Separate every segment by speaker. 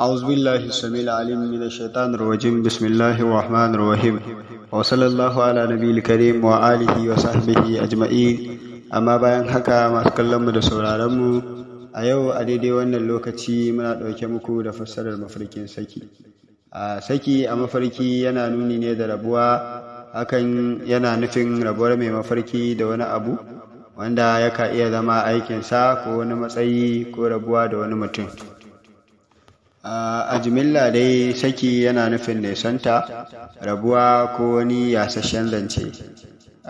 Speaker 1: أعوذ بالله السميع العليم من الشيطان الرجيم بسم الله الرحمن الرحيم وصلى الله على نبي الكريم وآله وصحبه أجمعين أما bayan haka masu mu da mu, a yau a daidai wannan lokaci muna ɗauke muku da fassarar mafarkin saki a saki a mafarki yana nuni ne da rabuwa hakan yana nufin rabuwar mai mafarki da wani abu wanda yaka iya zama aikinsa ko wani matsayi ko rabuwa da wani mutum a jimilla dai saki yana nufin nesanta rabuwa ko wani yasashen zance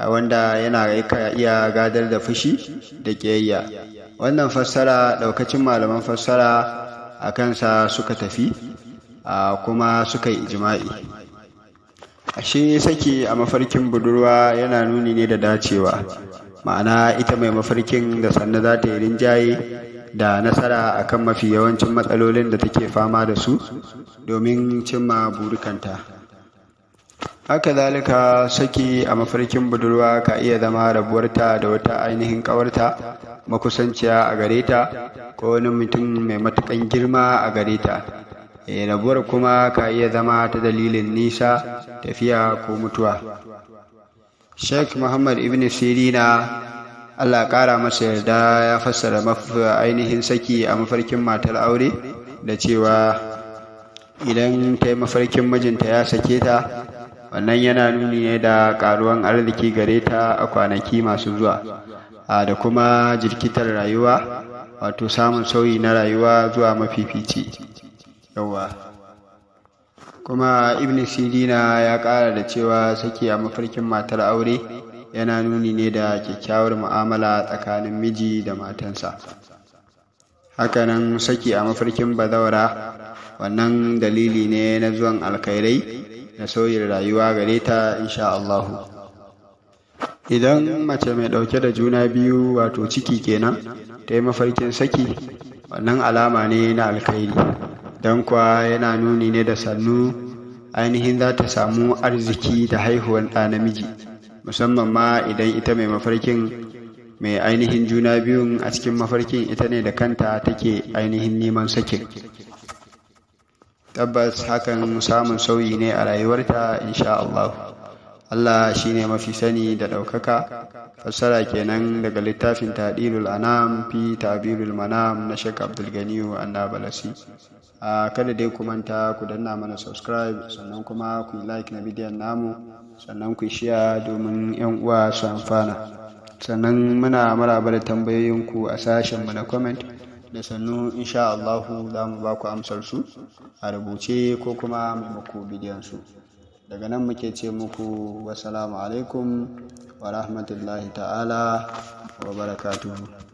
Speaker 1: wanda yana iya gadar da fushi da ƙiyayya wannan fassara ɗaukacin malaman fassara a kansa suka tafi kuma suka yi ijima'i shi saki a mafarkin budurwa yana nuni ne da dacewa ma'ana ita mai mafarkin da sannu za ta yi rinjaye da nasara akan mafi yawancin matsalolin da take fama da su domin cimma burikanta haka zalika saki a mafarkin budurwa ka iya zama rabuwarta da wata ainihin ƙawarta makusanciya a gare ta ko wani mutum mai matukan girma a gare ta eh, rabuwar kuma ka iya zama ta dalilin nisa tafiya ko mutuwa sheikh muhammad ibn sirina Allah ƙara masa yarda ya fassara ainihin saki a mafarkin matar aure da cewa idan ta yi mafarkin mijinta ya sake ta wannan yana nuni ne da ƙaruwan arziki gare ta a kwanaki masu zuwa da kuma jirkitar rayuwa wato samun sauyi na rayuwa zuwa mafifici yawa kuma ibn sirina ya ƙara da cewa saki a mafarkin matar aure yana nuni ne da kyakkyawar mu'amala tsakanin miji da matansa hakanan saki a mafarkin bazawara wannan dalili ne na zuwan alkhairai na sauyin rayuwa gare ta insha Allah idan mace mai ɗauke da juna biyu wato ciki kenan ta yi mafarkin saki wannan alama ne na alkhairi don kuwa yana nuni ne da sannu ainihin za ta samu arziki da haihuwan ɗa namiji musamman ma idan ita mai mafarkin mai ainihin juna biyun a cikin mafarkin ita ne da kanta take ainihin neman sakin tabbas hakan samun sauyi ne a rayuwarta insha Allah Allah shi ne mafi sani da ɗaukaka fassara kenan daga littafin taɗilul anam fi tabirul manam na shek abdulganiyu annabalasi A ah, kada dai ku manta ku danna mana subscribe sannan kuma ku like na bidiyon namu sannan ku shiya domin 'yan uwa su amfana sannan muna maraba da tambayoyinku a sashen mu na comment da sannu insha Allahu za mu ba ku amsar su a rubuce ko kuma muku bidiyon su daga nan muke ce muku wasalamu alaikum wa rahmatullahi ta'ala wa barakatuhu